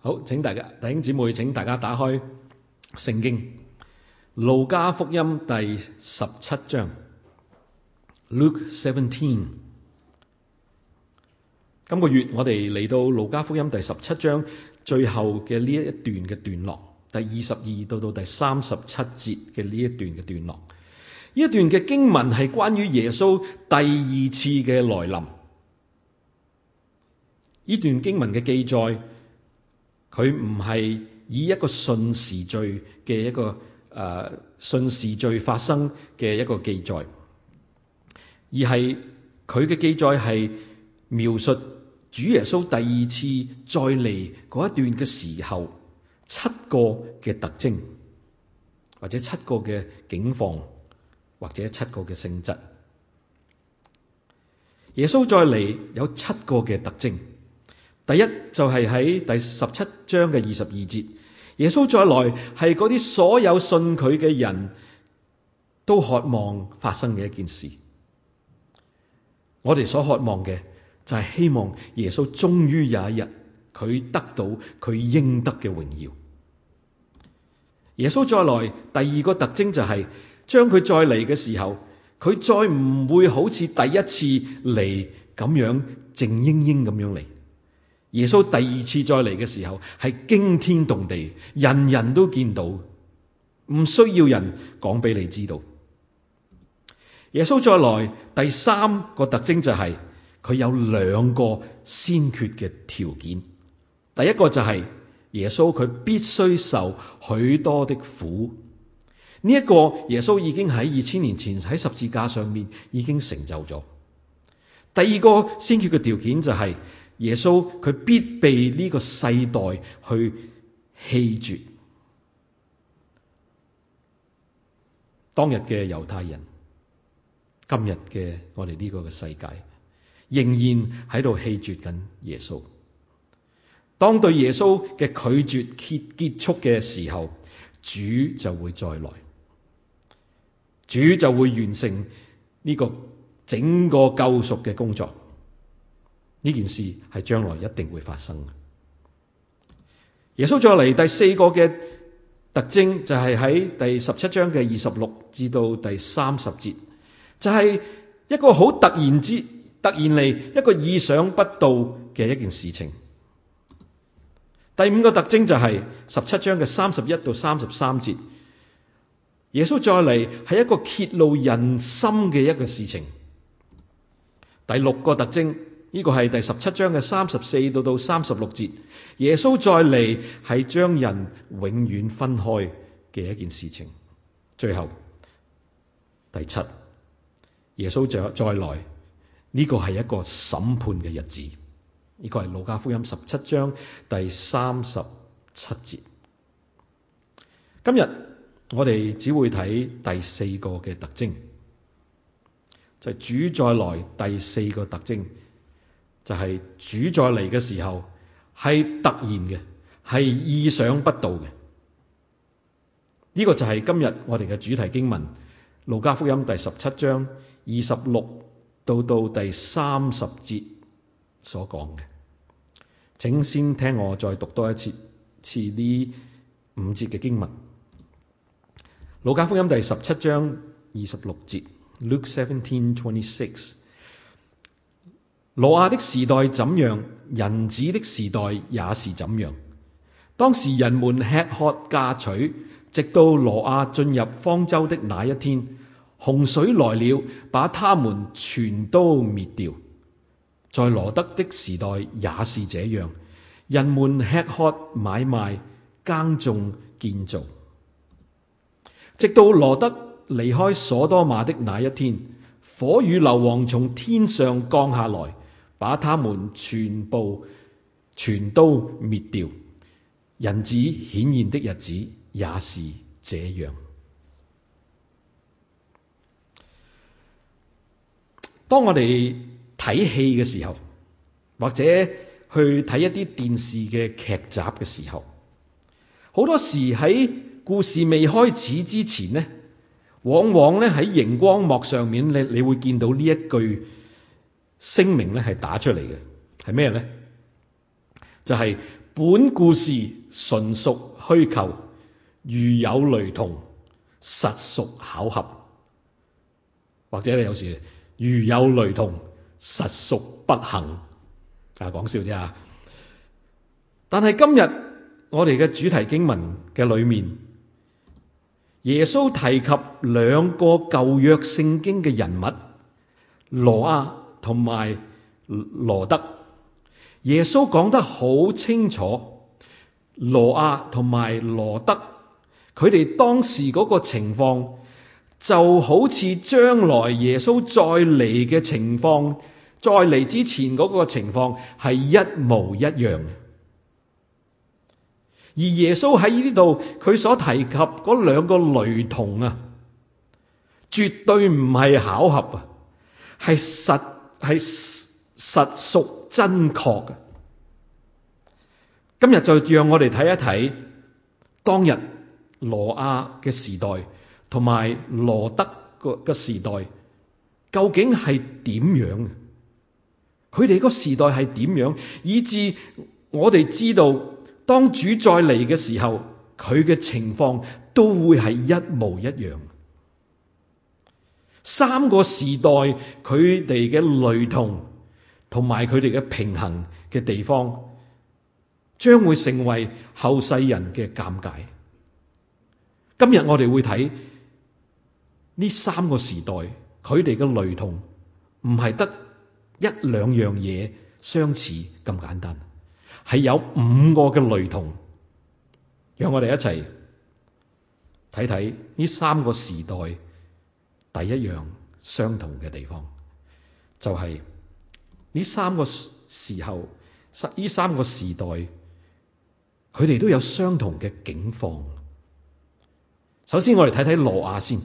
好，請大家弟兄姊妹，請大家打開聖經《路加福音》第十七章 （Luke Seventeen）。今個月我哋嚟到《路加福音》第十七章最後嘅呢一段嘅段落，第二十二到到第三十七節嘅呢一段嘅段落。呢一段嘅經文係關於耶穌第二次嘅來臨。呢段經文嘅記載。佢唔係以一個順時序嘅一個誒，順時序發生嘅一個記載，而係佢嘅記載係描述主耶穌第二次再嚟嗰一段嘅時候，七個嘅特徵，或者七個嘅景況，或者七個嘅性質。耶穌再嚟有七個嘅特徵。第一就係、是、喺第十七章嘅二十二節，耶穌再來係嗰啲所有信佢嘅人都渴望發生嘅一件事。我哋所渴望嘅就係、是、希望耶穌終於有一日佢得到佢應得嘅榮耀。耶穌再來，第二個特徵就係、是、將佢再嚟嘅時候，佢再唔會好似第一次嚟咁樣靜英英咁樣嚟。耶穌第二次再嚟嘅時候係驚天動地，人人都見到，唔需要人講俾你知道。耶穌再來，第三個特徵就係佢有兩個先決嘅條件。第一個就係耶穌佢必須受許多的苦，呢一個耶穌已經喺二千年前喺十字架上面已經成就咗。第二個先決嘅條件就係，耶穌佢必被呢個世代去棄絕，當日嘅猶太人，今日嘅我哋呢個世界，仍然喺度棄絕緊耶穌。當對耶穌嘅拒絕結束嘅時候，主就會再來，主就會完成呢個整個救贖嘅工作。呢件事係將來一定會發生嘅。耶穌再嚟，第四個嘅特徵就係喺第十七章嘅二十六至到第三十節，就係一個好突然之突然嚟一個意想不到嘅一件事情。第五個特徵就係十七章嘅三十一到三十三節，耶穌再嚟係一個揭露人心嘅一個事情。第六個特徵。呢、這個係第十七章嘅三十四到到三十六節，耶穌再嚟係將人永遠分開嘅一件事情。最後第七，耶穌再再來呢、這個係一個審判嘅日子。呢個係路加福音十七章第三十七節。今日我哋只會睇第四個嘅特徵，就係主再來第四個特徵。就係、是、主在嚟嘅時候係突然嘅，係意想不到嘅。呢、這個就係今日我哋嘅主題經文《路加福音》第十七章二十六到到第三十節所講嘅。請先聽我再讀多一次，次呢五節嘅經文，《路加福音》第十七章二十六節，Luke seventeen twenty six。挪亞的時代怎樣，人子的時代也是怎樣。當時人們吃喝嫁娶，直到挪亞進入方舟的那一天，洪水來了，把他們全都滅掉。在羅得的時代也是這樣，人們吃喝買賣耕種建造，直到羅得離開所多瑪的那一天，火與硫磺從天上降下來。把他們全部全都滅掉，人子顯現的日子也是這樣。當我哋睇戲嘅時候，或者去睇一啲電視嘅劇集嘅時候，好多時喺故事未開始之前呢，往往咧喺熒光幕上面，你你會見到呢一句。聲明咧係打出嚟嘅係咩咧？就係本故事純屬虛構，如有雷同，實屬巧合，或者咧有時如有雷同，實屬不幸。啊，講笑啫！但係今日我哋嘅主題經文嘅裏面，耶穌提及兩個舊約聖經嘅人物挪亞。同埋羅德，耶穌講得好清楚，羅亞同埋羅德，佢哋當時嗰個情況，就好似將來耶穌再嚟嘅情況，再嚟之前嗰個情況係一模一樣。而耶穌喺呢度，佢所提及嗰兩個雷同啊，絕對唔係巧合啊，係實。係實屬真確嘅。今日就讓我哋睇一睇當日羅亞嘅時代，同埋羅德個時代究竟係點樣？佢哋個時代係點樣，以致我哋知道當主再嚟嘅時候，佢嘅情況都會係一模一樣。三個時代佢哋嘅雷同同埋佢哋嘅平衡嘅地方，將會成為後世人嘅尷尬。今日我哋會睇呢三個時代佢哋嘅雷同，唔係得一兩樣嘢相似咁簡單，係有五個嘅雷同。讓我哋一齊睇睇呢三個時代。第一樣相同嘅地方，就係、是、呢三個時候、呢三個時代，佢哋都有相同嘅境況。首先，我哋睇睇挪亞先。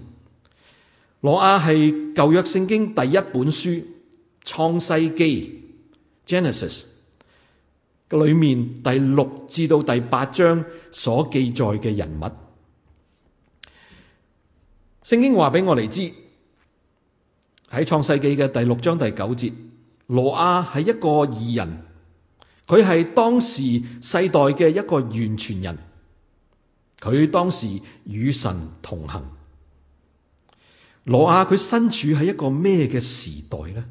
挪亞係舊約聖經第一本書《創世記》（Genesis） 裏面第六至到第八章所記載嘅人物。聖經話俾我哋知，喺創世記嘅第六章第九節，挪亞係一個義人，佢係當時世代嘅一個完全人，佢當時與神同行。挪亞佢身處喺一個咩嘅時代呢？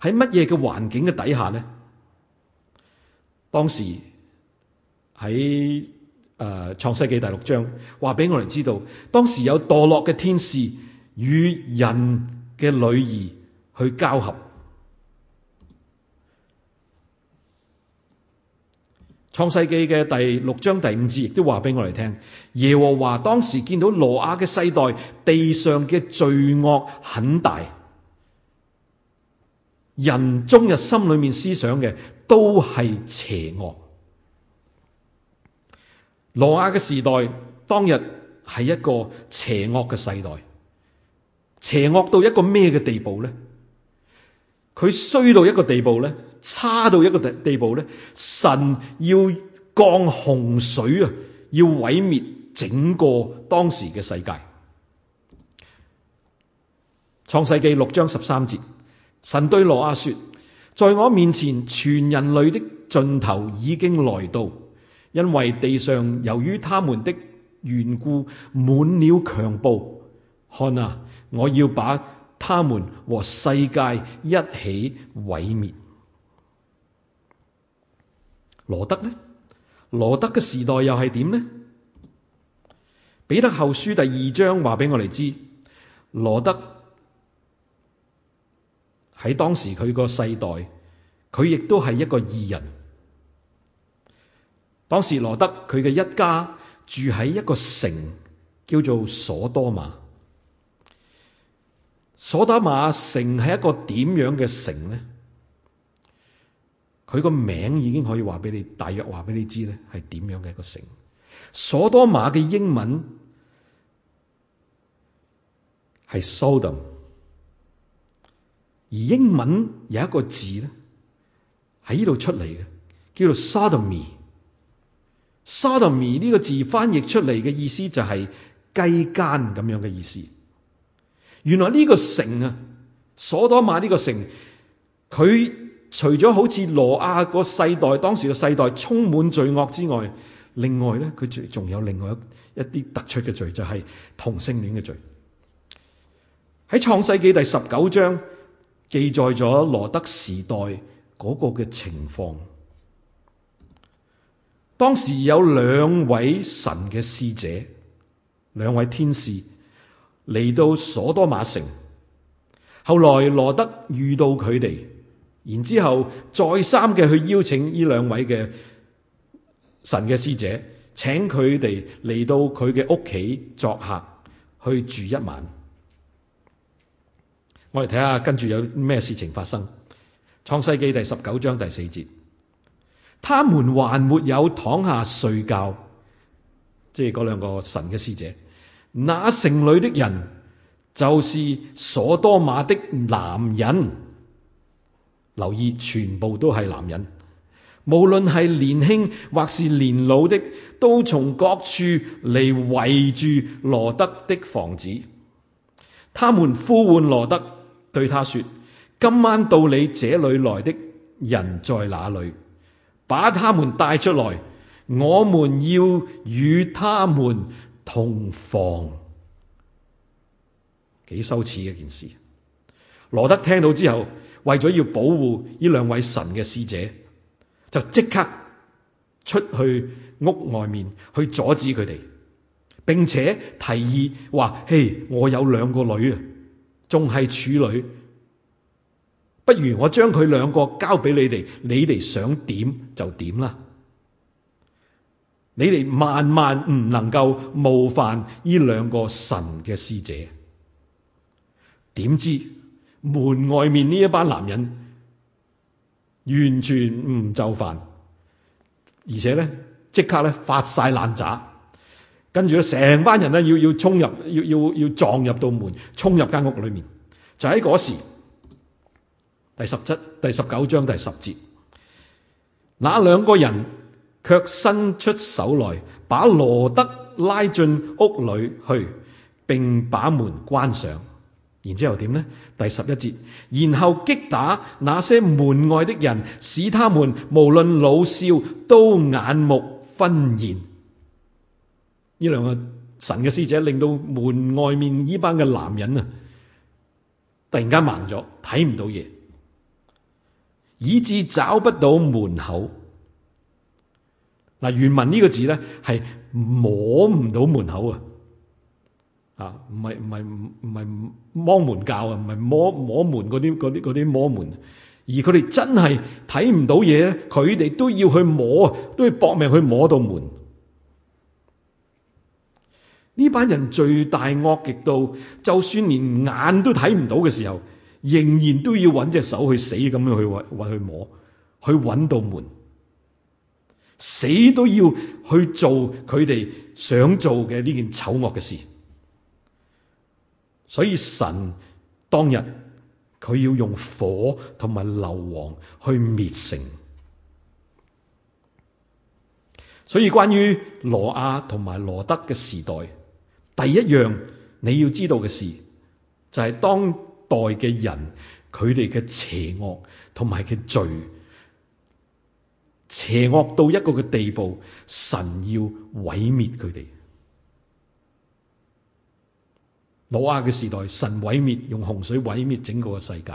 喺乜嘢嘅環境嘅底下呢？當時喺。誒、呃，創世紀第六章話俾我哋知道，當時有墮落嘅天使與人嘅女兒去交合。創世紀嘅第六章第五節亦都話俾我哋聽，耶和華當時見到羅亞嘅世代，地上嘅罪惡很大，人終日心裏面思想嘅都係邪惡。羅亞嘅時代當日係一個邪惡嘅世代，邪惡到一個咩嘅地步呢？佢衰到一個地步呢？差到一個地地步呢？神要降洪水啊，要毀滅整個當時嘅世界。創世紀六章十三節，神對羅亞說：在我面前全人類的盡頭已經來到。因為地上由於他們的緣故滿了強暴，看啊，我要把他們和世界一起毀滅。羅德呢？羅德嘅時代又係點呢？彼得後書第二章話俾我哋知，羅德喺當時佢個世代，佢亦都係一個義人。當時羅德佢嘅一家住喺一個城，叫做索多瑪。索多瑪城係一個點樣嘅城呢？佢個名已經可以話俾你，大約話俾你知咧，係點樣嘅一個城。索多瑪嘅英文係 Sodom，而英文有一個字咧喺呢度出嚟嘅，叫做 Sodomy Sodomie 呢，這個字翻譯出嚟嘅意思就係、是、雞姦咁樣嘅意思。原來呢個城啊，索多瑪呢個城，佢除咗好似羅亞個世代，當時嘅世代充滿罪惡之外，另外呢，佢仲仲有另外一啲突出嘅罪，就係、是、同性戀嘅罪在。喺創世紀第十九章記載咗羅德時代嗰個嘅情況。當時有兩位神嘅使者，兩位天使嚟到所多瑪城。後來羅得遇到佢哋，然之後再三嘅去邀請呢兩位嘅神嘅使者，請佢哋嚟到佢嘅屋企作客，去住一晚。我哋睇下，跟住有咩事情發生？創世記第十九章第四節。他們還沒有躺下睡覺，即係嗰兩個神嘅使者。那城裏的人就是所多瑪的男人。留意，全部都係男人，無論係年輕或是年老的，都從各處嚟圍住羅德的房子。他們呼喚羅德，對他說：今晚到你這裏來的人在哪裏？把他們帶出來，我們要與他們同房，幾羞恥嘅件事。羅德聽到之後，為咗要保護呢兩位神嘅使者，就即刻出去屋外面去阻止佢哋，並且提議話：嘿，我有兩個女啊，仲係處女。不如我將佢兩個交俾你哋，你哋想點就點啦。你哋萬萬唔能夠冒犯呢兩個神嘅使者。點知門外面呢一班男人完全唔就範，而且咧即刻咧發晒爛渣，跟住咧成班人咧要衝，要衝入，要要要撞入到門，衝入間屋裏面。就喺嗰時。第十七、第十九章第十節，那兩個人卻伸出手來，把羅得拉進屋裏去，並把門關上。然之後點呢？第十一節，然後擊打那些門外的人，使他們無論老少都眼目昏然。呢兩個神嘅使者，令到門外面呢班嘅男人啊，突然間盲咗，睇唔到嘢。以至找不到門口，嗱，原文呢個字咧係摸唔到門口啊！啊，唔係唔係唔唔係摸門教啊，唔係摸摸門嗰啲啲啲摸門，而佢哋真係睇唔到嘢咧，佢哋都要去摸，都要搏命去摸到門。呢班人罪大惡極到，就算連眼都睇唔到嘅時候，仍然都要揾隻手去死咁樣去揾、去摸、去揾到門，死都要去做佢哋想做嘅呢件醜惡嘅事。所以神當日佢要用火同埋硫磺去滅城。所以關於羅亞同埋羅德嘅時代，第一樣你要知道嘅事就係、是、當。代嘅人，佢哋嘅邪惡同埋嘅罪，邪惡到一個嘅地步，神要毀滅佢哋。挪亞嘅時代，神毀滅用洪水毀滅整個世界；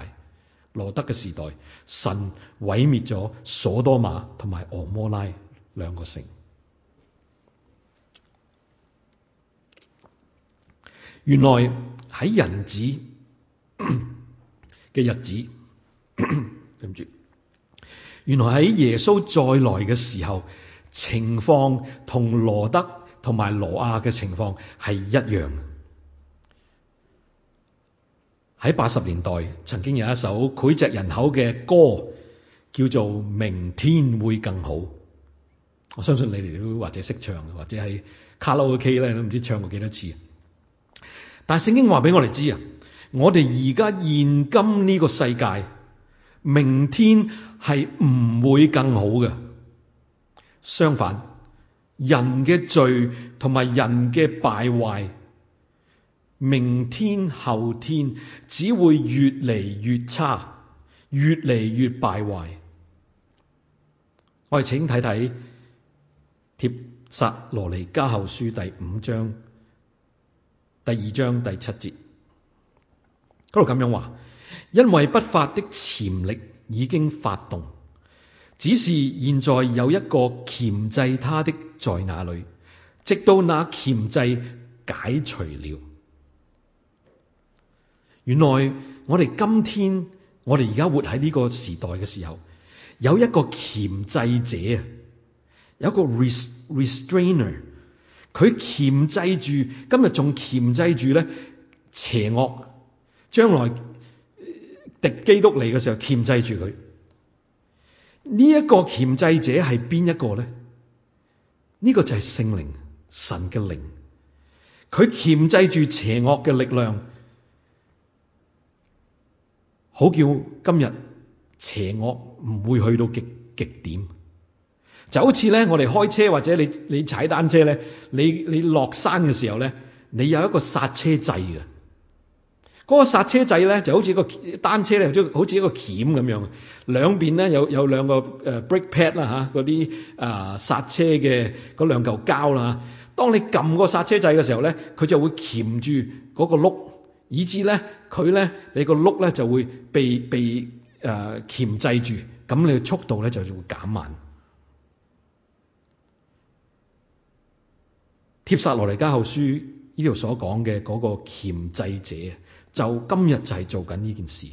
羅得嘅時代，神毀滅咗所多瑪同埋俄摩拉兩個城。原來喺人子。嘅 日子， 對唔住，原來喺耶穌再來嘅時候，情況同羅得同埋羅亞嘅情況係一樣。喺八十年代，曾經有一首膾炙人口嘅歌，叫做《明天會更好》。我相信你哋都或者識唱，或者喺卡拉 OK 咧都唔知唱過幾多次。但聖經話俾我哋知啊。我哋而家現今呢個世界，明天係唔會更好嘅。相反，人嘅罪同埋人嘅敗壞，明天後天只會越嚟越差，越嚟越敗壞。我哋請睇睇帖撒羅尼加後書第五章第二章第七節。度咁樣話，因為不法的潛力已經發動，只是現在有一個鉗制他的在那裏，直到那鉗制解除了。原來我哋今天，我哋而家活喺呢個時代嘅時候，有一個鉗制者啊，有一個 restrainer，佢鉗制住，今日仲鉗制住咧邪惡。將來敵基督嚟嘅時候鉗制住佢，呢、這個、一個鉗制者係邊一個咧？呢、這個就係聖靈，神嘅靈，佢鉗制住邪惡嘅力量，好叫今日邪惡唔會去到極極點。就好似咧，我哋開車或者你你踩單車咧，你你落山嘅時候咧，你有一個剎車掣嘅。嗰、嗰個煞車掣咧，就好似個單車咧，好似好似一個鉗咁樣，兩邊咧有有兩個 brake pad 啦，嗰啲啊煞車嘅嗰兩嚿膠啦。當你撳個剎車掣嘅時候咧，佢就會鉗住嗰個碌，以至咧佢咧你個碌咧就會被被誒鉗、呃、制住，咁你速度咧就會會減慢。帖撒羅尼加後書呢度所講嘅嗰個鉗制者。就今日就係做緊呢件事，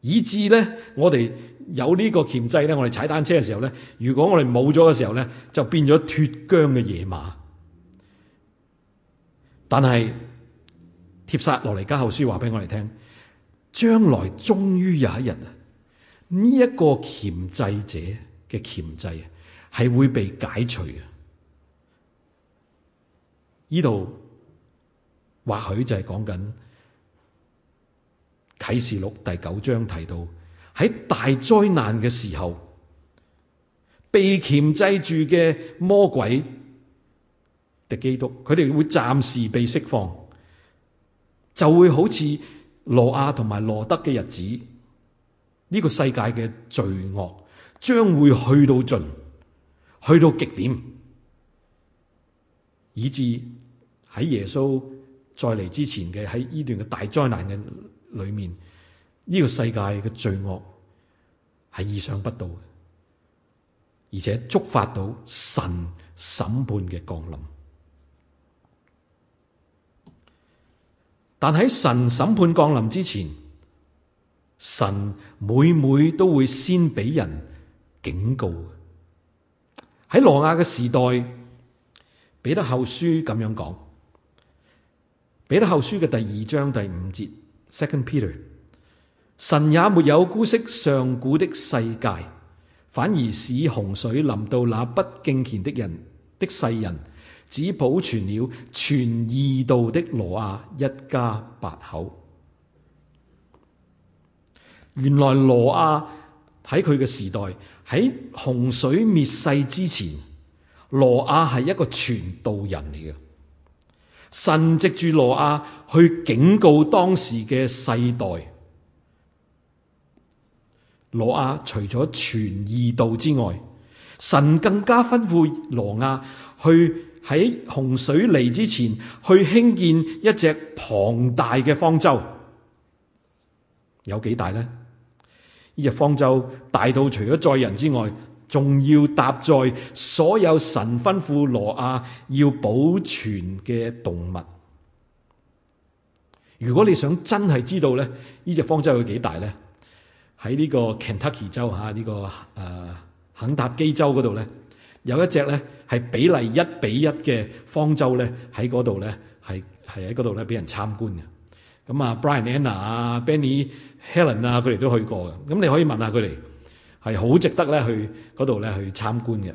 以致咧，我哋有呢個鉗制咧，我哋踩單車嘅時候咧，如果我哋冇咗嘅時候咧，就變咗脫韁嘅野馬。但係帖撒羅尼迦後書話俾我哋聽，將來終於有一日啊，呢、這、一個鉗制者嘅鉗制啊，係會被解除啊！呢度或許就係講緊。啟示錄第九章提到，喺大災難嘅時候，被鉗制住嘅魔鬼，敵基督，佢哋會暫時被釋放，就會好似羅亞同埋羅得嘅日子，呢、這個世界嘅罪惡將會去到盡，去到極點，以致喺耶穌再嚟之前嘅喺呢段嘅大災難嘅。裏面呢個世界嘅罪惡係意想不到嘅，而且觸發到神審判嘅降臨。但喺神審判降臨之前，神每每都會先俾人警告。喺挪亞嘅時代，彼得後書咁樣講，彼得後書嘅第二章第五節。Second Peter，神也沒有姑息上古的世界，反而使洪水臨到那不敬虔的人的世人，只保存了傳義道的羅亞一家八口。原來羅亞喺佢嘅時代喺洪水滅世之前，羅亞係一個傳道人嚟嘅。神藉住羅亞去警告當時嘅世代，羅亞除咗傳義道之外，神更加吩咐羅亞去喺洪水嚟之前去興建一隻龐大嘅方舟，有幾大呢？呢隻方舟大到除咗載人之外。仲要搭載所有神吩咐羅亞要保存嘅動物。如果你想真係知道咧，呢隻方舟有幾大咧？喺呢個 Kentucky 州嚇，呢、呢個誒、呃、肯塔基州嗰度咧，有一隻咧係比例一比一嘅方舟咧喺嗰度咧，係係喺嗰度咧俾人參觀嘅。咁啊，Brian Anna 啊、Benny、Helen 啊，佢哋都去過嘅。咁你可以問下佢哋。係好值得咧去嗰度咧去參觀嘅。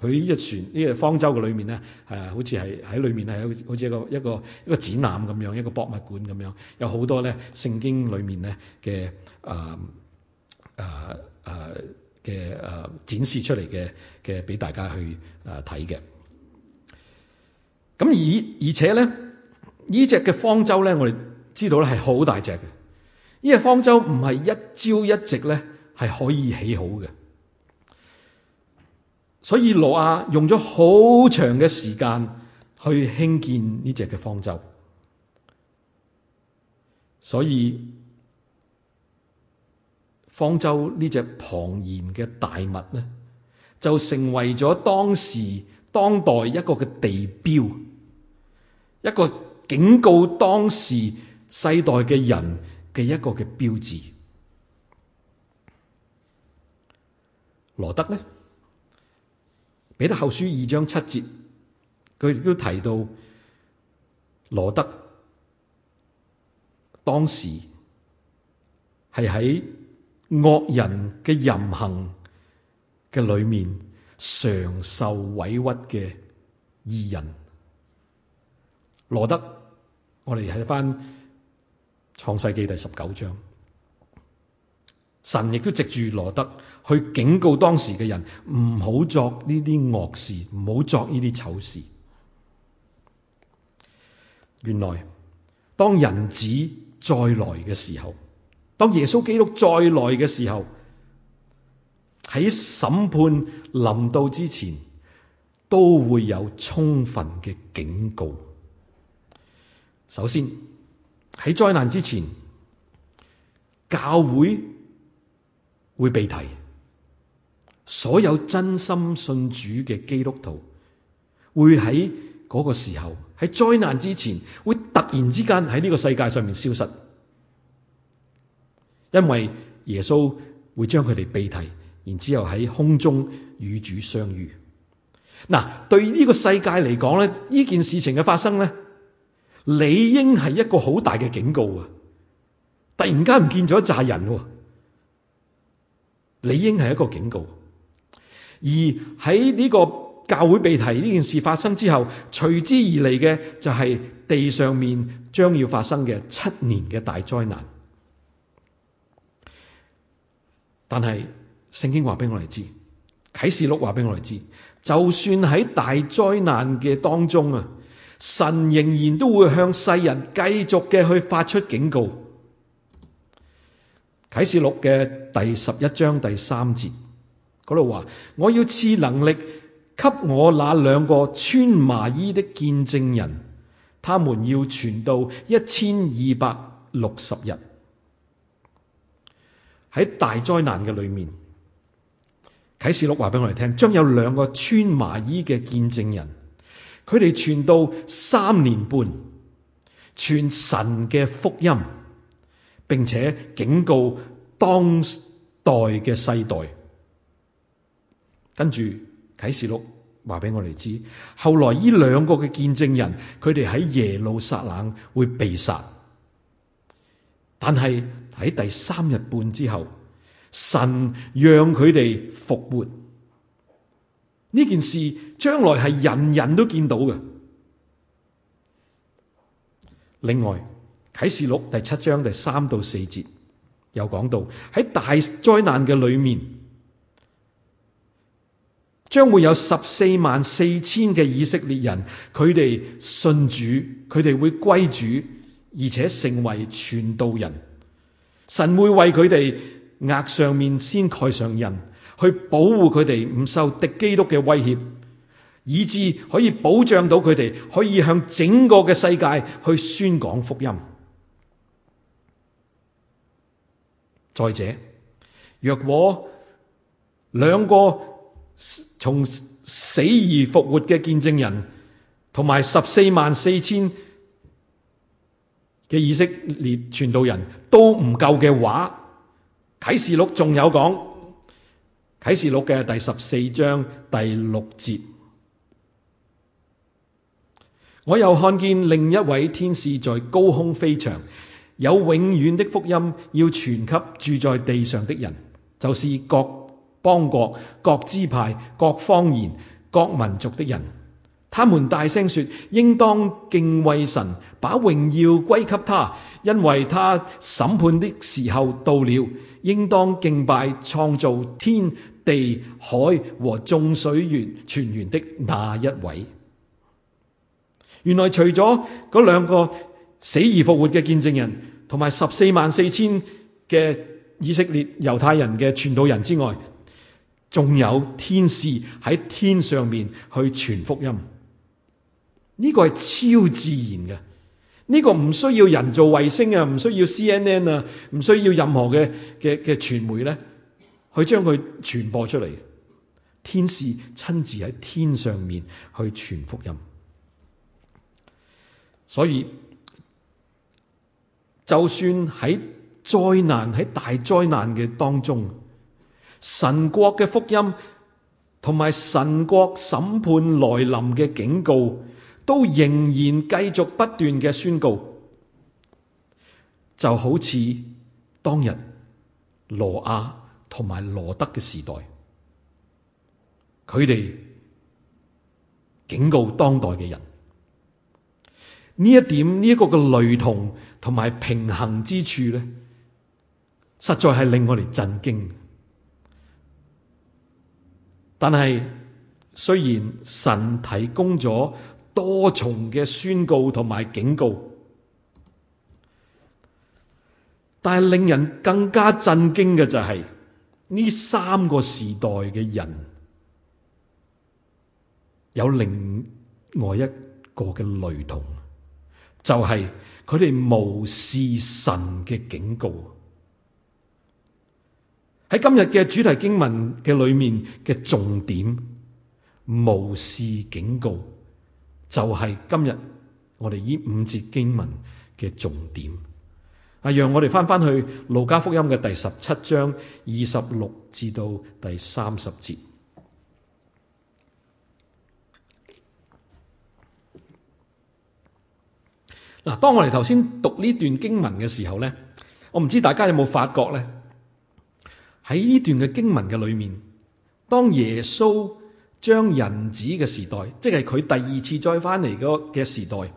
佢呢隻船、呢隻方舟嘅裏面咧，誒好似係喺裏面係好似一個一個一個展覽咁樣，一個博物館咁樣，有好多咧聖經裏面咧嘅誒誒誒嘅誒展示出嚟嘅嘅俾大家去誒睇嘅。咁而而且咧，呢隻嘅方舟咧，我哋知道咧係好大隻嘅。呢隻方舟唔係一朝一夕咧。係可以起好嘅，所以挪亞用咗好長嘅時間去興建呢隻嘅方舟，所以方舟呢隻龐然嘅大物呢，就成為咗當時當代一個嘅地標，一個警告當時世代嘅人嘅一個嘅標誌。羅德呢？彼得後書二章七節，佢亦都提到羅德當時係喺惡人嘅淫行嘅裏面，常受委屈嘅義人。羅德，我哋睇返創世紀第十九章。神亦都藉住羅得去警告當時嘅人，唔好作呢啲惡事，唔好作呢啲醜事。原來當人子再來嘅時候，當耶穌基督再來嘅時候，喺審判臨到之前，都會有充分嘅警告。首先喺災難之前，教會。會被提，所有真心信主嘅基督徒會喺嗰個時候，喺災難之前，會突然之間喺呢個世界上面消失，因為耶穌會將佢哋被提，然之後喺空中與主相遇。嗱，對呢個世界嚟講咧，呢件事情嘅發生咧，理應係一個好大嘅警告啊！突然間唔見咗一紮人。理應係一個警告，而喺呢個教會被提呢件事發生之後，隨之而嚟嘅就係地上面將要發生嘅七年嘅大災難。但係聖經話俾我哋知，《啟示錄》話俾我哋知，就算喺大災難嘅當中啊，神仍然都會向世人繼續嘅去發出警告。啟示錄嘅第十一章第三節嗰度話：我要賜能力給我那兩個穿麻衣的見證人，他們要傳道一千二百六十日。喺大災難嘅裏面，啟示錄話俾我哋聽，將有兩個穿麻衣嘅見證人，佢哋傳道三年半，傳神嘅福音。並且警告當代嘅世代，跟住啟示錄話俾我哋知，後來呢兩個嘅見證人，佢哋喺耶路撒冷會被殺，但係喺第三日半之後，神讓佢哋復活。呢件事將來係人人都見到嘅。另外。啟示錄第七章第三到四節有講到，喺大災難嘅裏面，將會有十四萬四千嘅以色列人，佢哋信主，佢哋會歸主，而且成為傳道人。神會為佢哋額上面先蓋上印，去保護佢哋唔受敵基督嘅威脅，以致可以保障到佢哋可以向整個嘅世界去宣講福音。再者，若果兩個從死而復活嘅見證人同埋十四萬四千嘅以色列傳道人都唔夠嘅話，啟示錄仲有講，啟示錄嘅第十四章第六節，我又看見另一位天使在高空飛翔。有永遠的福音要傳給住在地上的人，就是各邦國、各支派、各方言、各民族的人。他們大聲說：應當敬畏神，把榮耀歸給他，因為他審判的時候到了。應當敬拜創造天地海和眾水泉源的那一位。原來除咗嗰兩個。死而復活嘅見證人，同埋十四萬四千嘅以色列猶太人嘅傳道人之外，仲有天使喺天上面去傳福音。呢個係超自然嘅，呢個唔需要人造衛星啊，唔需要 CNN 啊，唔需要任何嘅嘅嘅傳媒呢，去將佢傳播出嚟。天使親自喺天上面去傳福音，所以。就算喺災難、喺大災難嘅當中，神國嘅福音同埋神國審判來臨嘅警告，都仍然繼續不斷嘅宣告，就好似當日挪亞同埋羅得嘅時代，佢哋警告當代嘅人。呢一點呢一、呢個嘅雷同同埋平衡之處咧，實在係令我哋震驚。但係雖然神提供咗多重嘅宣告同埋警告，但係令人更加震驚嘅就係、是、呢三個時代嘅人有另外一個嘅雷同。就係佢哋無視神嘅警告。喺今日嘅主題經文嘅裏面嘅重點，無視警告就係、是、今日我哋呢五節經文嘅重點。啊，讓我哋翻翻去路加福音嘅第十七章二十六至到第三十節。當我哋頭先讀呢段經文嘅時候咧，我唔知大家有冇發覺咧？喺呢段嘅經文嘅裏面，當耶穌將人子嘅時代，即係佢第二次再翻嚟嗰嘅時代，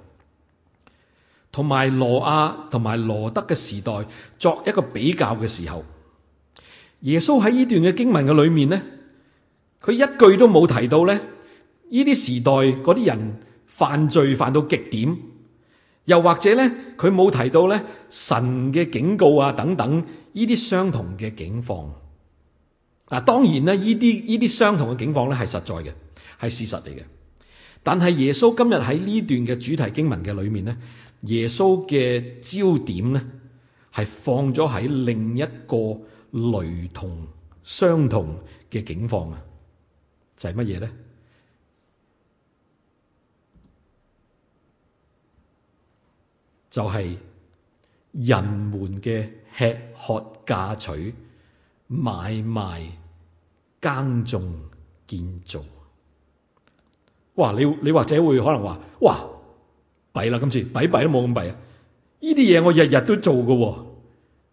同埋羅亞同埋羅德嘅時代作一個比較嘅時候，耶穌喺呢段嘅經文嘅裏面呢，佢一句都冇提到咧，呢啲時代嗰啲人犯罪犯到極點。又或者咧，佢冇提到咧神嘅警告啊，等等，呢啲相同嘅境況。當然啦，呢啲呢啲相同嘅境況咧係實在嘅，係事實嚟嘅。但係耶穌今日喺呢段嘅主題經文嘅裏面咧，耶穌嘅焦點咧係放咗喺另一個雷同相同嘅境況啊，就係乜嘢咧？就係、是、人們嘅吃喝、嫁娶、買賣、耕種、建造。哇！你你或者會可能話：哇，弊啦！今次弊弊都冇咁弊啊！呢啲嘢我日日都做嘅喎，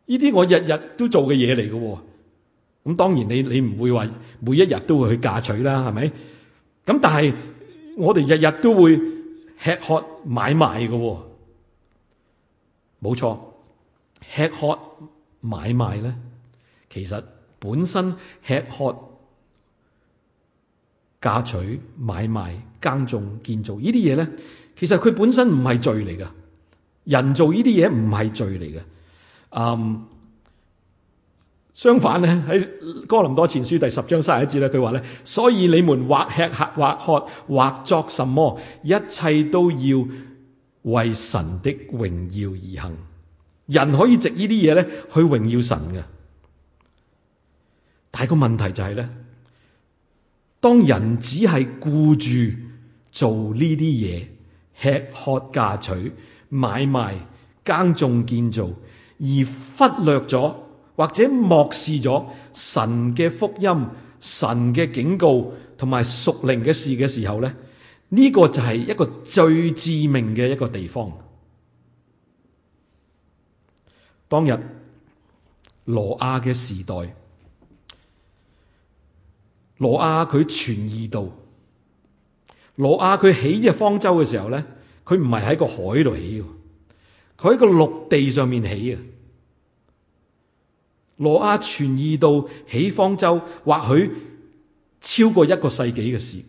呢啲我日日都做嘅嘢嚟嘅喎。咁當然你你唔會話每一日都，都會去嫁娶啦，係咪？咁但係我哋日日都會吃喝買賣嘅喎。冇錯，吃喝買賣咧，其實本身吃喝、嫁娶、買賣、耕種、建造呢啲嘢咧，其實佢本身唔係罪嚟噶。人做呢啲嘢唔係罪嚟嘅。嗯，相反咧喺《哥林多前書》第十章三十一節咧，佢話咧，所以你們或吃或喝或作什麼，一切都要，為神的榮耀而行，人可以藉呢啲嘢咧去榮耀神嘅。但係個問題就係、是、咧，當人只係顧住做呢啲嘢，吃喝嫁娶、買賣、耕種建造，而忽略咗或者漠視咗神嘅福音、神嘅警告同埋屬靈嘅事嘅時候咧。呢、這個就係一個最致命嘅一個地方。當日羅亞嘅時代，羅亞佢傳義道。羅亞佢起嘅方舟嘅時候咧，佢唔係喺個海度起，佢喺個陸地上面起嘅。羅亞傳義道起方舟，或許超過一個世紀嘅事。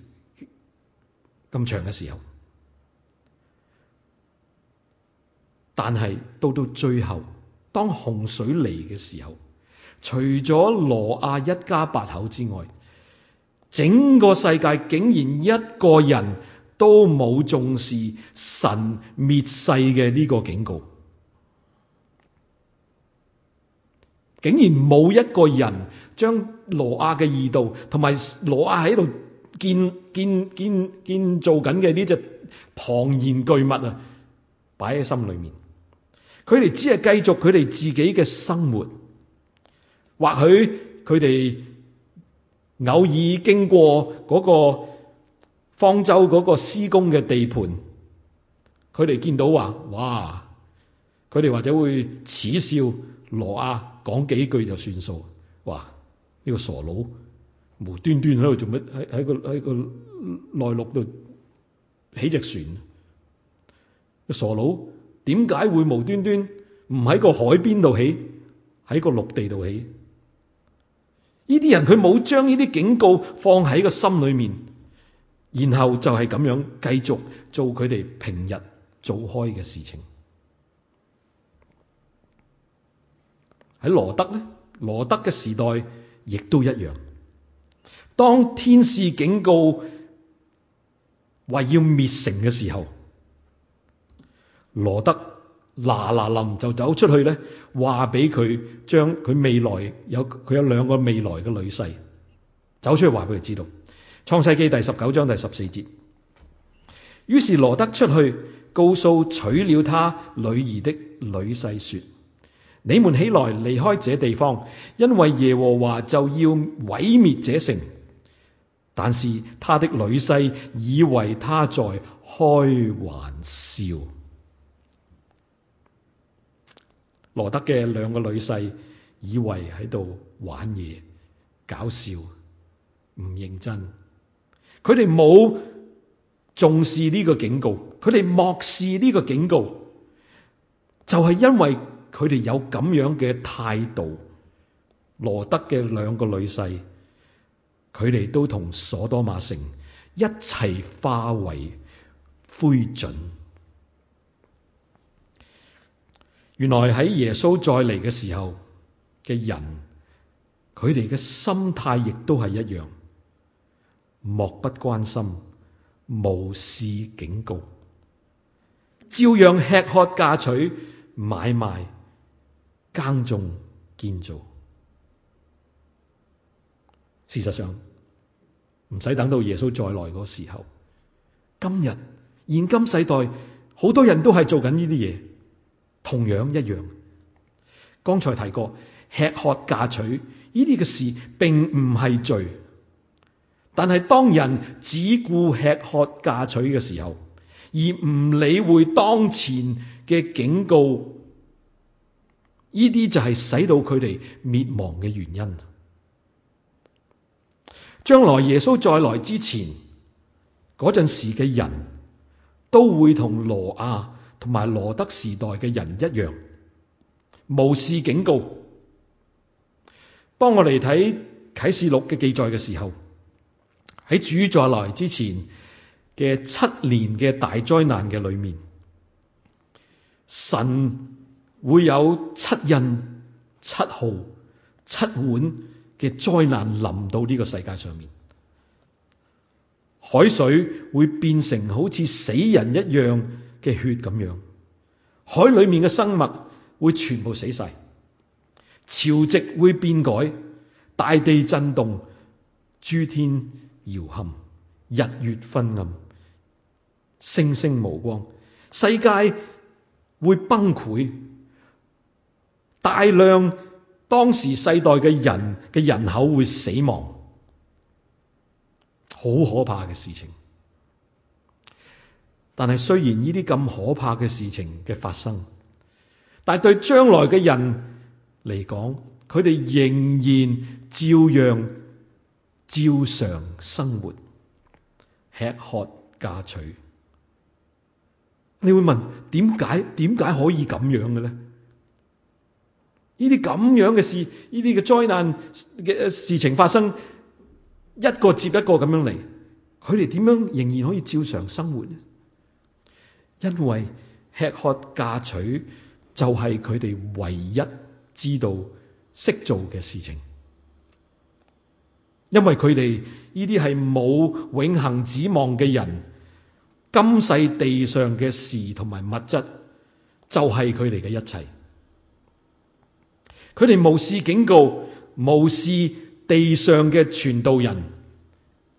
咁長嘅時候，但係到到最後，當洪水嚟嘅時候，除咗挪亞一家八口之外，整個世界竟然一個人都冇重視神滅世嘅呢個警告，竟然冇一個人將挪亞嘅義道同埋挪亞喺度。建建建建造緊嘅呢隻龐然巨物啊，擺喺心裏面。佢哋只係繼續佢哋自己嘅生活。或許佢哋偶爾經過嗰個方舟嗰個施工嘅地盤，佢哋見到話，哇！佢哋或者會恥笑挪亞講幾句就算數，話，呢個傻佬，無端端喺度做乜？喺喺個喺個內陸度起隻船，個傻佬點解會無端端唔喺個海邊度起？喺個陸地度起？呢啲人佢冇將呢啲警告放喺個心裏面，然後就係咁樣繼續做佢哋平日做開嘅事情。喺羅德咧，羅德嘅時代亦都一樣。當天使警告話要滅城嘅時候，羅德嗱嗱臨就走出去呢，話俾佢將佢未來有佢有兩個未來嘅女婿走出去話俾佢知道，《創世記》第十九章第十四節。於是羅德出去告訴娶了他女兒的女婿說：你們起來離開這地方，因為耶和華就要毀滅這城。但是他的女婿以為他在開玩笑，羅德嘅兩個女婿以為喺度玩嘢搞笑，唔認真。佢哋冇重視呢個警告，佢哋漠視呢個警告，就係因為佢哋有咁樣嘅態度。羅德嘅兩個女婿。佢哋都同所多瑪城一齊化為灰燼。原來喺耶穌再嚟嘅時候嘅人，佢哋嘅心態亦都係一樣，漠不關心，無視警告，照樣吃喝嫁娶、買賣、耕種、建造。事實上，唔使等到耶穌再來嗰時候，今日現今世代好多人都係做緊呢啲嘢，同樣一樣。剛才提過吃喝嫁娶呢啲嘅事，並唔係罪，但係當人只顧吃喝嫁娶嘅時候，而唔理會當前嘅警告，呢啲就係使到佢哋滅亡嘅原因。將來耶穌再來之前嗰陣時嘅人都會同挪亞同埋羅得時代嘅人一樣，無視警告。當我哋睇啟示錄嘅記載嘅時候，喺主再來之前嘅七年嘅大災難嘅裏面，神會有七印、七號、七碗。嘅災難臨到呢個世界上面，海水會變成好似死人一樣嘅血咁樣，海裏面嘅生物會全部死晒，潮汐會變改，大地震動，諸天搖撼，日月昏暗，星星無光，世界會崩潰，大量。當時世代嘅人嘅人口會死亡，好可怕嘅事情。但係雖然呢啲咁可怕嘅事情嘅發生，但係對將來嘅人嚟講，佢哋仍然照樣照常生活，吃喝嫁娶。你會問點解？點解可以咁樣嘅咧？呢啲咁樣嘅事，呢啲嘅災難嘅事情發生一個接一個咁樣嚟，佢哋點樣仍然可以照常生活呢？因為吃喝嫁娶就係佢哋唯一知道識做嘅事情，因為佢哋呢啲係冇永恒指望嘅人，今世地上嘅事同埋物質就係佢哋嘅一切。佢哋無視警告，無視地上嘅傳道人，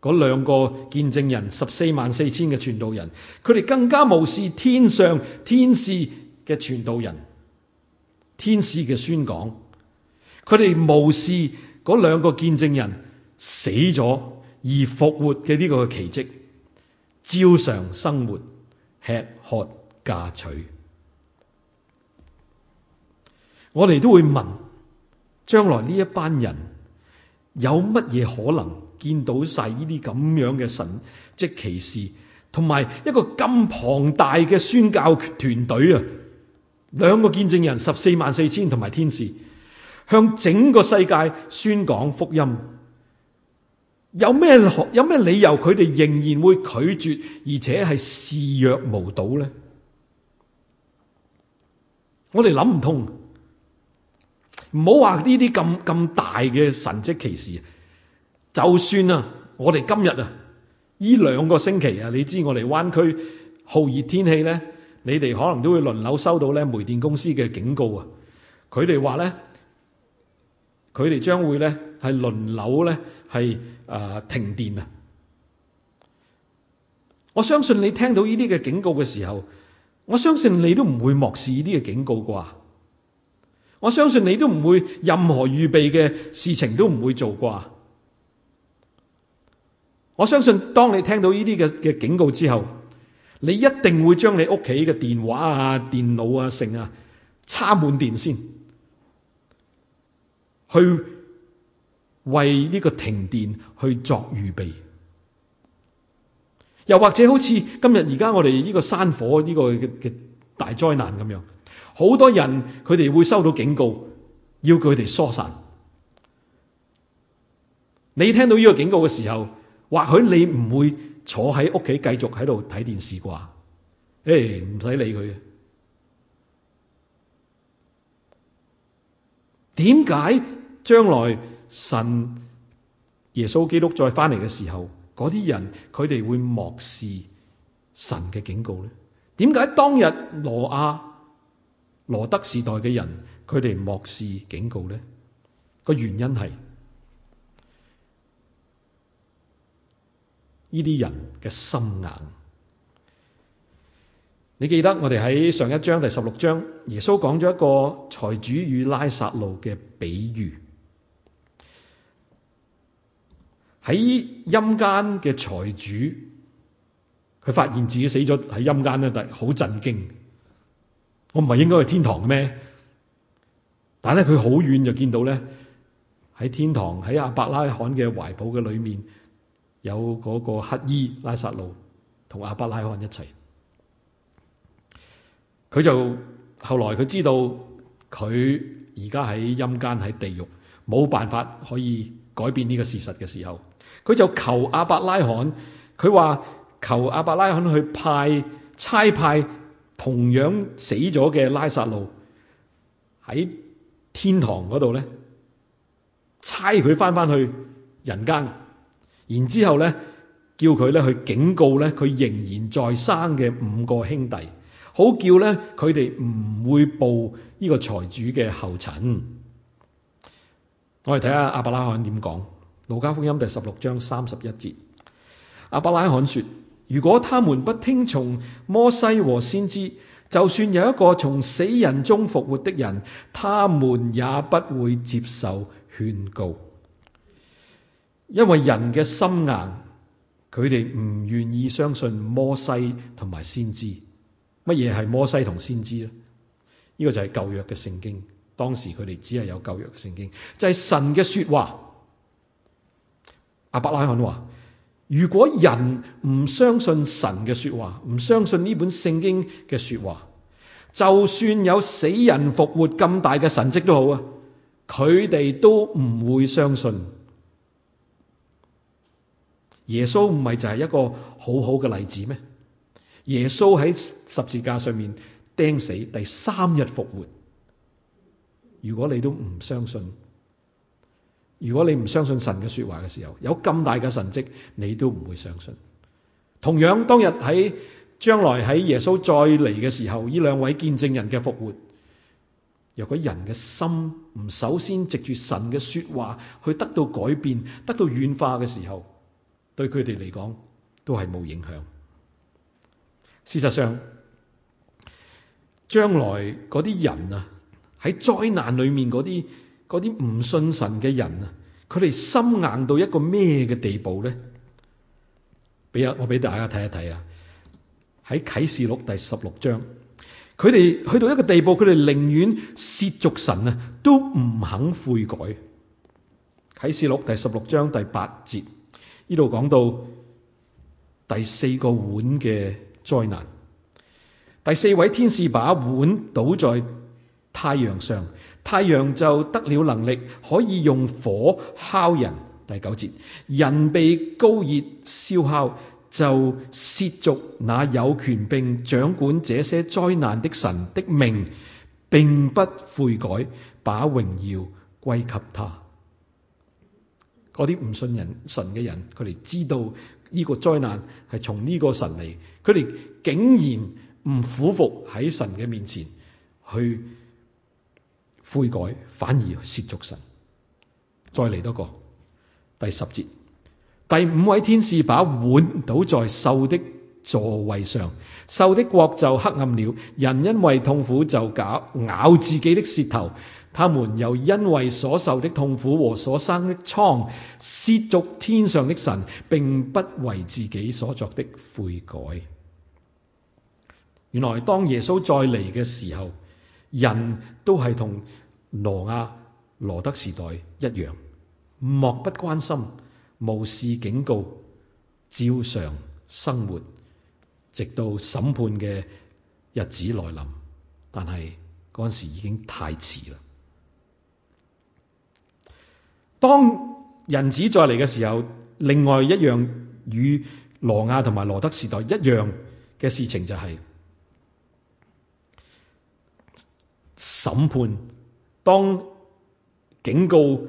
嗰兩個見證人十四萬四千嘅傳道人，佢哋更加無視天上天使嘅傳道人，天使嘅宣講，佢哋無視嗰兩個見證人死咗而復活嘅呢個奇蹟，照常生活，吃喝嫁娶，我哋都會問。將來呢一班人有乜嘢可能見到晒呢啲咁樣嘅神蹟奇事同埋一個咁龐大嘅宣教團隊啊，兩個見證人十四萬四千同埋天使，向整個世界宣講福音，有咩有咩理由佢哋仍然會拒絕，而且係視若無睹呢？我哋諗唔通。唔好話呢啲咁咁大嘅神蹟奇事，就算啊，我哋今日啊，呢兩個星期啊，你知我哋灣區酷熱天氣呢，你哋可能都會輪流收到呢煤電公司嘅警告啊。佢哋話呢，佢哋將會呢係輪流呢係停電啊。我相信你聽到呢啲嘅警告嘅時候，我相信你都唔會漠視呢啲嘅警告啩。我相信你都唔會任何預備嘅事情都唔會做啩。我相信當你聽到呢啲嘅嘅警告之後，你一定會將你屋企嘅電話啊、電腦啊、成啊，插滿電先，去為呢個停電去作預備。又或者好似今日而家我哋呢個山火呢個嘅大災難咁樣，好多人佢哋會收到警告，要佢哋疏散。你聽到呢個警告嘅時候，或許你唔會坐喺屋企繼續喺度睇電視啩？誒，唔使理佢。點解將來神耶穌基督再翻嚟嘅時候，嗰啲人佢哋會漠視神嘅警告呢？點解當日羅亞、羅德時代嘅人，佢哋漠視警告呢？個原因係呢啲人嘅心硬。你記得我哋喺上一章第十六章，耶穌講咗一個財主與拉撒路嘅比喻，喺陰間嘅財主。佢發現自己死咗喺陰間咧，好震驚。我唔係應該去天堂咩？但係咧佢好遠就見到咧，喺天堂喺亞伯拉罕嘅懷抱嘅裏面，有嗰個乞兒拉撒路同亞伯拉罕一齊。佢就後來佢知道佢而家喺陰間喺地獄，冇辦法可以改變呢個事實嘅時候，佢就求亞伯拉罕，佢話。求阿伯拉罕去派差派同樣死咗嘅拉撒路喺天堂嗰度咧，差佢翻翻去人間，然之後咧叫佢咧去警告咧，佢仍然在生嘅五個兄弟，好叫咧佢哋唔會步呢個財主嘅後塵。我哋睇下阿伯拉罕點講，《路加福音》第十六章三十一節，阿伯拉罕說。如果他們不聽從摩西和先知，就算有一個從死人中復活的人，他們也不會接受勸告。因為人嘅心硬，佢哋唔願意相信摩西同埋先知。乜嘢係摩西同先知咧？呢、這個就係舊約嘅聖經。當時佢哋只係有舊約嘅聖經，就係神嘅說話。阿伯拉罕話，如果人唔相信神嘅說話，唔相信呢本聖經嘅說話，就算有死人復活咁大嘅神蹟都好啊，佢哋都唔會相信。耶穌唔係就係一個好好嘅例子咩？耶穌喺十字架上面釘死，第三日復活。如果你都唔相信。如果你唔相信神嘅說話嘅時候，有咁大嘅神蹟，你都唔會相信。同樣，當日喺將來喺耶穌再嚟嘅時候，呢兩位見證人嘅復活，若果人嘅心唔首先藉住神嘅說話去得到改變、得到軟化嘅時候，對佢哋嚟講都係冇影響。事實上，將來嗰啲人啊，喺災難裏面嗰啲。嗰啲唔信神嘅人啊，佢哋心硬到一個咩嘅地步咧？俾我俾大家睇一睇啊！喺啟示錄第十六章，佢哋去到一個地步，佢哋寧願褻瀆神啊，都唔肯悔改。啟示錄第十六章第八節，呢度講到第四個碗嘅災難，第四位天使把碗倒在太陽上。太陽就得了能力，可以用火烤人。第九節，人被高熱燒烤，就褻瀆那有權並掌管這些災難的神的命，並不悔改，把榮耀歸給他。嗰啲唔信人神嘅人，佢哋知道呢個災難係從呢個神嚟，佢哋竟然唔俯伏喺神嘅面前去。悔改反而褻瀆神。再嚟多一個，第十節，第五位天使把碗倒在獸的座位上，獸的國就黑暗了。人因為痛苦就咬咬自己的舌頭，他們又因為所受的痛苦和所生的瘡，褻瀆天上的神，並不為自己所作的悔改。原來當耶穌再嚟嘅時候。人都係同挪亞、羅得時代一樣，漠不關心、無視警告、照常生活，直到審判嘅日子來臨。但係嗰陣時已經太遲啦。當人子再嚟嘅時候，另外一樣與挪亞同埋羅得時代一樣嘅事情就係、是。審判當警告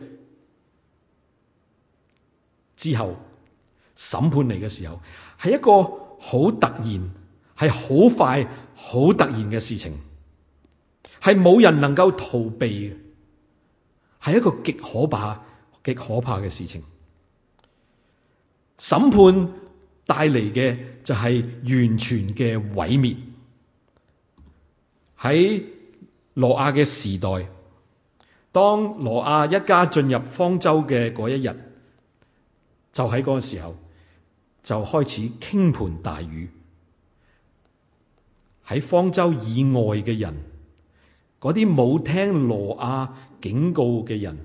之後，審判嚟嘅時候係一個好突然，係好快、好突然嘅事情，係冇人能夠逃避嘅，係一個極可怕、極可怕嘅事情。審判帶嚟嘅就係完全嘅毀滅，喺。挪亞嘅時代，當挪亞一家進入方舟嘅嗰一日，就喺嗰個時候就開始傾盆大雨。喺方舟以外嘅人，嗰啲冇聽挪亞警告嘅人，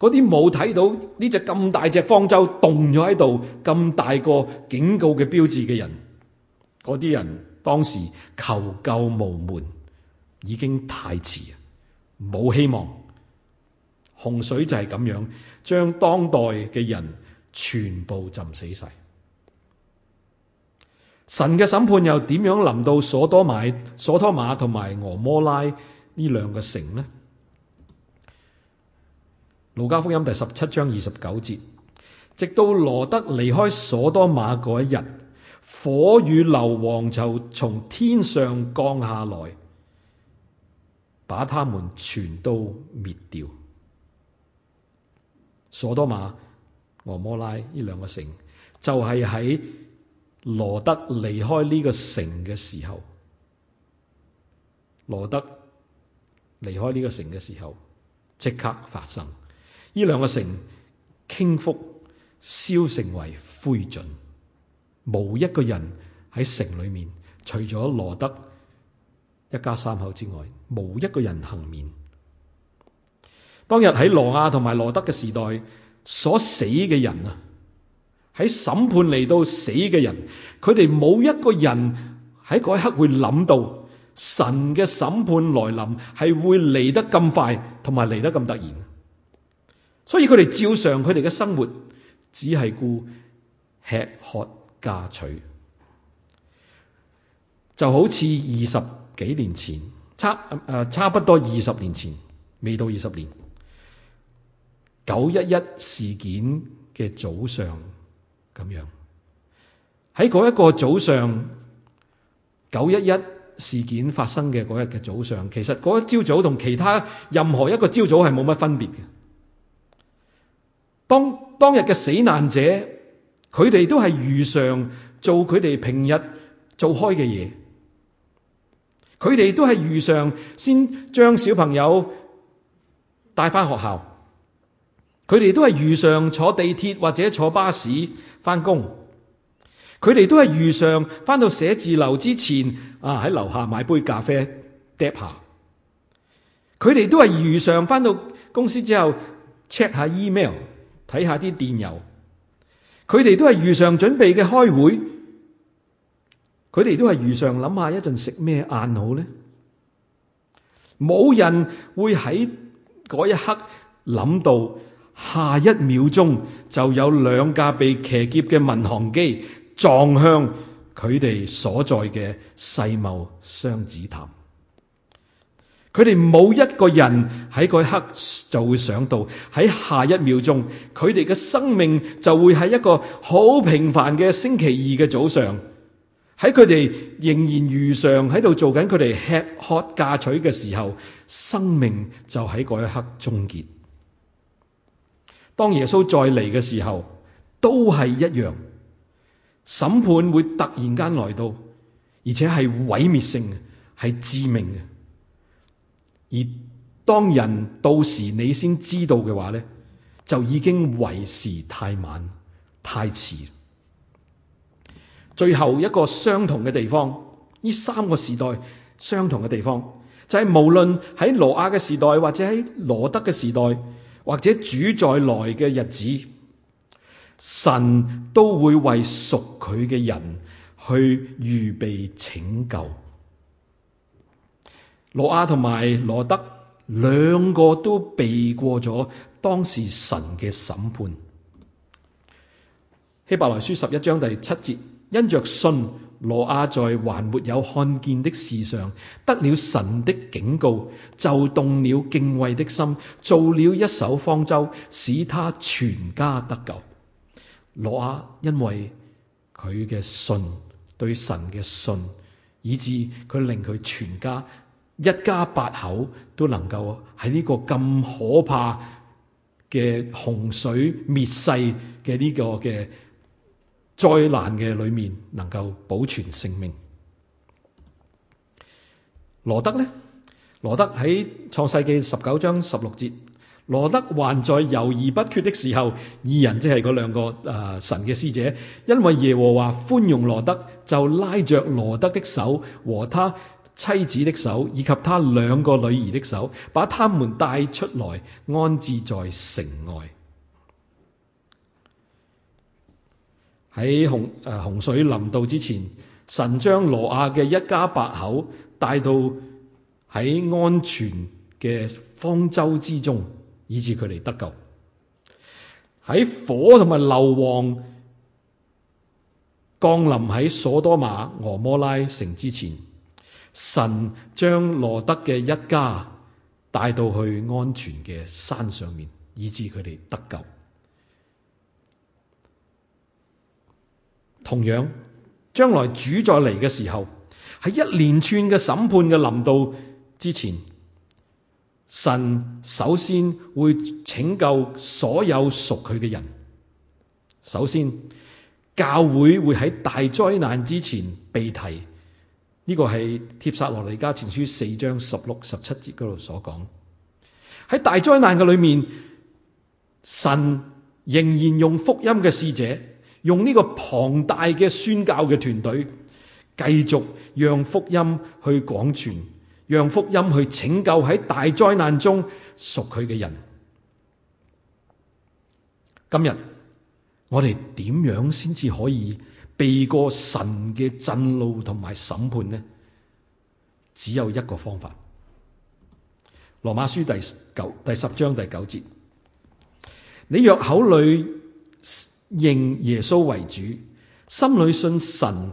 嗰啲冇睇到呢隻咁大隻方舟動咗喺度，咁大個警告嘅標誌嘅人，嗰啲人當時求救無門。已經太遲，冇希望。洪水就係咁樣，將當代嘅人全部浸死晒。神嘅審判又點樣臨到所多瑪、所多瑪同埋俄摩拉呢兩個城呢？路加福音第十七章二十九節，直到羅德離開所多馬嗰一日，火與硫磺就從天上降下來。把他們全都滅掉。索多瑪、俄摩拉呢兩個城，就係喺羅德離開呢個城嘅時候，羅德離開呢個城嘅時候，即刻發生。呢兩個城傾覆，燒成為灰燼，無一個人喺城裡面，除咗羅德。一家三口之外，冇一個人幸免。當日喺羅亞同埋羅德嘅時代，所死嘅人啊，喺審判嚟到死嘅人，佢哋冇一個人喺嗰一刻會諗到神嘅審判來臨係會嚟得咁快，同埋嚟得咁突然。所以佢哋照常佢哋嘅生活，只係顧吃喝嫁娶，就好似二十。幾年前，差誒，差唔多二十年前，未到二十年，九一一事件嘅早上咁樣，喺嗰一個早上，九一一事件發生嘅嗰日嘅早上，其實嗰一朝早同其他任何一個朝早係冇乜分別嘅。當當日嘅死難者，佢哋都係如常做佢哋平日做開嘅嘢。佢哋都係如常先將小朋友帶翻學校，佢哋都係如常坐地鐵或者坐巴士翻工，佢哋都係如常翻到寫字樓之前啊，喺樓下買杯咖啡，趯下。佢哋都係如常翻到公司之後 check 下 email，睇下啲電郵。佢哋都係如常準備嘅開會。佢哋都係如常諗下一陣食咩晏好咧，冇人會喺嗰一刻諗到下一秒鐘就有兩架被騎劫嘅民航機撞向佢哋所在嘅世貿雙子塔。佢哋冇一個人喺嗰一刻就會想到喺下一秒鐘，佢哋嘅生命就會喺一個好平凡嘅星期二嘅早上。喺佢哋仍然如常喺度做緊佢哋吃喝嫁娶嘅時候，生命就喺嗰一刻終結。當耶穌再嚟嘅時候，都係一樣，審判會突然間來到，而且係毀滅性，係致命嘅。而當人到時，你先知道嘅話咧，就已經為時太晚太遲。最後一個相同嘅地方，呢三個時代相同嘅地方，就係無論喺挪亞嘅時代，或者喺羅得嘅時代，或者主再來嘅日子，神都會為屬佢嘅人去預備拯救。挪亞同埋羅得兩個都避過咗當時神嘅審判。希伯來書十一章第七節。因着信，羅亞在還沒有看見的事上得了神的警告，就動了敬畏的心，做了一艘方舟，使他全家得救。羅亞因為佢嘅信，對神嘅信，以致佢令佢全家一家八口都能夠喺呢個咁可怕嘅洪水滅世嘅呢個嘅。再難嘅裏面能夠保存性命。羅德呢？羅德喺創世紀十九章十六節，羅德還在猶豫不決的時候，二人即係嗰兩個、呃、神嘅使者，因為耶和華寬容羅德，就拉着羅德的手和他妻子的手，以及他兩個女兒的手，把他們帶出來，安置在城外。喺洪誒洪水臨到之前，神將羅亞嘅一家八口帶到喺安全嘅方舟之中，以致佢哋得救。喺火同埋硫磺降臨喺索多瑪俄摩拉城之前，神將羅德嘅一家帶到去安全嘅山上面，以致佢哋得救。同樣，將來主再嚟嘅時候，喺一連串嘅審判嘅臨到之前，神首先會拯救所有屬佢嘅人。首先，教會會喺大災難之前被提，呢、這個係帖撒羅尼迦前書四章十六、十七節嗰度所講。喺大災難嘅裏面，神仍然用福音嘅使者。用呢個龐大嘅宣教嘅團隊，繼續讓福音去廣傳，讓福音去拯救喺大災難中屬佢嘅人。今日我哋點樣先至可以避過神嘅震怒同埋審判呢？只有一個方法。羅馬書第九第十章第九節，你若口裡認耶穌為主，心裏信神，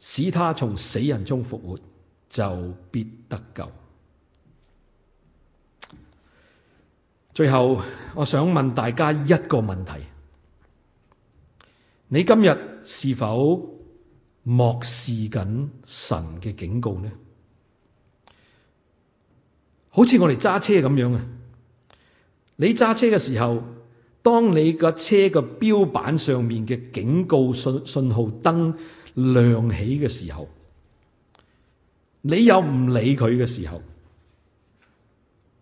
使他從死人中復活，就必得救。最後，我想問大家一個問題：你今日是否漠視緊神嘅警告呢？好似我哋揸車咁樣啊！你揸車嘅時候。當你個車個標板上面嘅警告信信號燈亮起嘅時候，你又唔理佢嘅時候，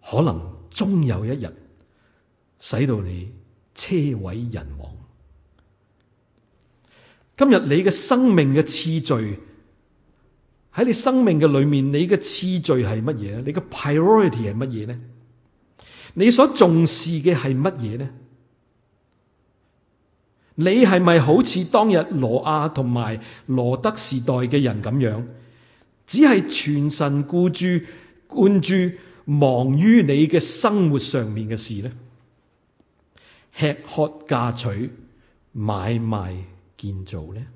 可能終有一日使到你車毀人亡。今日你嘅生命嘅次序，喺你生命嘅裏面，你嘅次序係乜嘢？你嘅 priority 係乜嘢呢？你所重視嘅係乜嘢呢？你係咪好似當日羅亞同埋羅德時代嘅人咁樣，只係全神貫注、關注、忙於你嘅生活上面嘅事呢？吃喝嫁娶、買賣建造呢？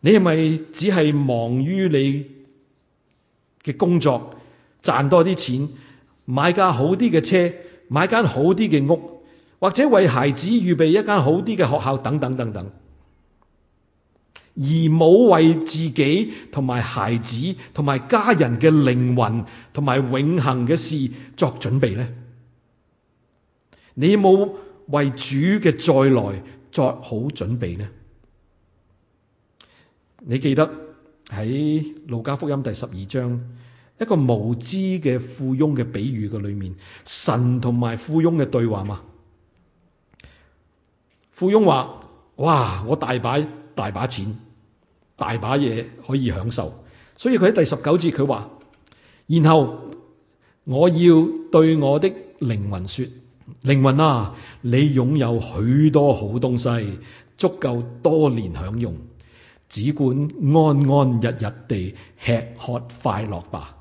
你係咪只係忙於你嘅工作，賺多啲錢，買一架好啲嘅車，買間好啲嘅屋？或者為孩子預備一間好啲嘅學校，等等等等，而冇為自己同埋孩子同埋家人嘅靈魂同埋永恒嘅事作準備呢？你冇為主嘅再來作好準備呢？你記得喺路加福音第十二章一個無知嘅富翁嘅比喻嘅裏面，神同埋富翁嘅對話嗎？富翁話：，哇！我大把大把錢，大把嘢可以享受，所以佢喺第十九節佢話：，然後我要對我的靈魂說，靈魂啊，你擁有許多好東西，足夠多年享用，只管安安日日安安逸逸地吃喝快樂吧。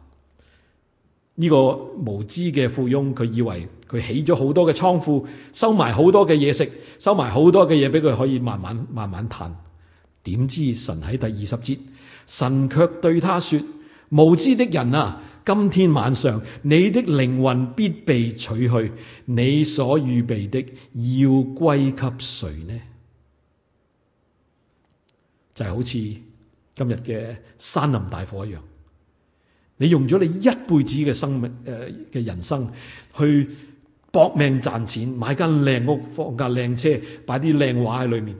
呢、這個無知嘅富翁，佢以為。佢起咗好多嘅倉庫，收埋好多嘅嘢食，收埋好多嘅嘢俾佢可以慢慢慢慢嘆。點知神喺第二十節，神卻對他說：無知的人啊，今天晚上你的靈魂必，必被取去，你所預備的要歸給誰呢？就係、是、好似今日嘅山林大火一樣，你用咗你一輩子嘅生命誒嘅人生去。搏命賺錢，買間靚屋，放架靚車，擺啲靚畫喺裏面。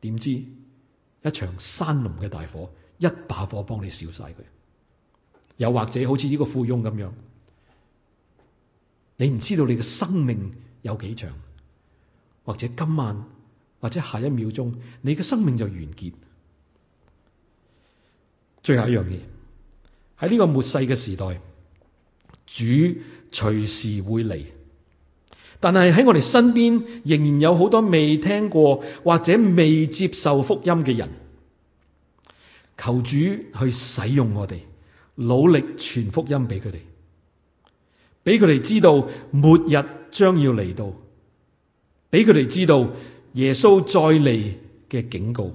點知一場山林嘅大火，一把火幫你燒晒佢。又或者好似呢個富翁咁樣，你唔知道你嘅生命有幾長，或者今晚，或者下一秒鐘，你嘅生命就完結。最後一樣嘢，喺呢個末世嘅時代，主隨時會嚟。但係喺我哋身邊仍然有好多未聽過或者未接受福音嘅人，求主去使用我哋，努力傳福音俾佢哋，俾佢哋知道末日將要嚟到，俾佢哋知道耶穌再嚟嘅警告。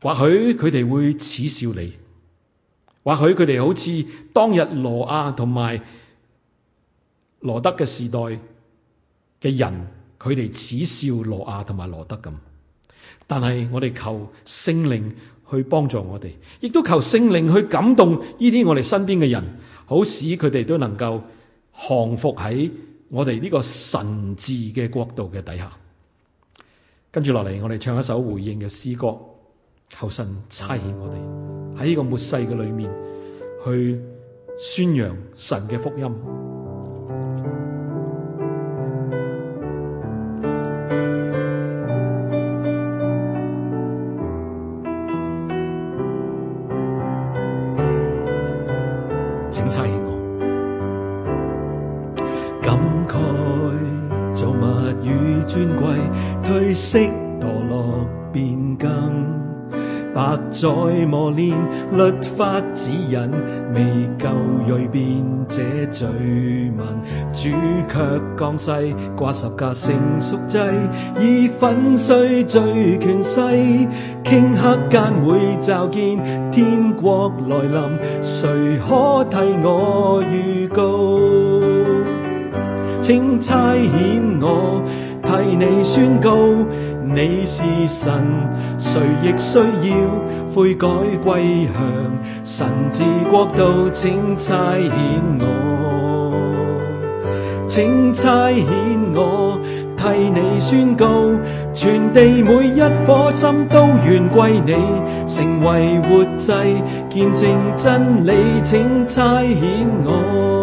或許佢哋會恥笑你，或許佢哋好似當日挪亞同埋。羅德嘅時代嘅人，佢哋恥笑挪亞同埋羅德咁，但係我哋求聖靈去幫助我哋，亦都求聖靈去感動呢啲我哋身邊嘅人，好使佢哋都能夠降服喺我哋呢個神治嘅國度嘅底下。跟住落嚟，我哋唱一首回應嘅詩歌，求神差遣我哋喺呢個末世嘅裏面去宣揚神嘅福音。色墮落變更，百載磨練，律法指引，未夠銳變這罪問。主卻降世，掛十架成贖祭，以粉碎罪權勢。頃刻間會驟見天國來臨，誰可替我預告？請差遣我。替你宣告，你是神，誰亦需要悔改歸向。神治國度，請差遣我，請差遣我，替你宣告，全地每一顆心都願歸你，成為活祭，見證真理，請差遣我。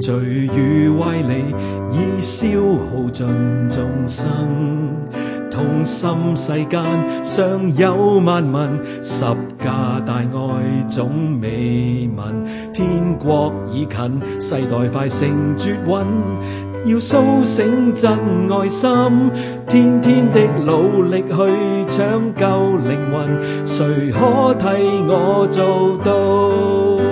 罪與歪理已消耗盡眾生，痛心世間尚有萬民，十家大愛總未聞。天國已近，世代快成絕韻，要甦醒真愛心，天天的努力去搶救靈魂，誰可替我做到？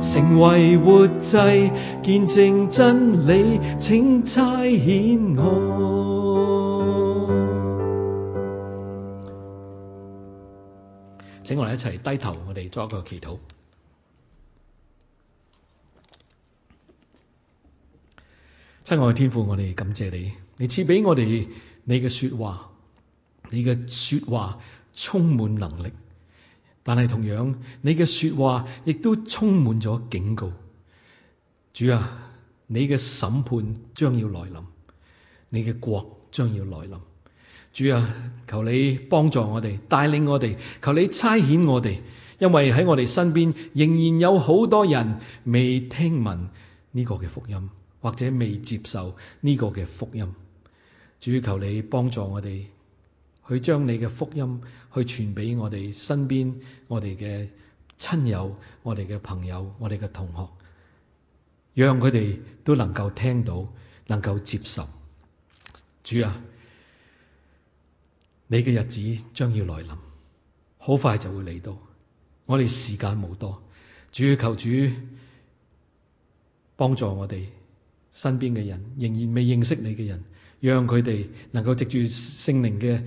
成為活祭，見證真理，請差遣我。請我哋一齊低頭，我哋做一個祈禱。親愛嘅天父，我哋感謝你，你賜畀我哋你嘅說話，你嘅說話充滿能力。但係同樣，你嘅說話亦都充滿咗警告。主啊，你嘅審判將要來臨，你嘅國將要來臨。主啊，求你幫助我哋，帶領我哋，求你差遣我哋，因為喺我哋身邊仍然有好多人未聽聞呢個嘅福音，或者未接受呢個嘅福音。主，求你幫助我哋。去將你嘅福音去傳俾我哋身邊、我哋嘅親友、我哋嘅朋友、我哋嘅同學，讓佢哋都能夠聽到、能夠接受。主啊，你嘅日子將要來臨，好快就會嚟到，我哋時間冇多。主，求主幫助我哋身邊嘅人，仍然未認識你嘅人，讓佢哋能夠藉住聖靈嘅。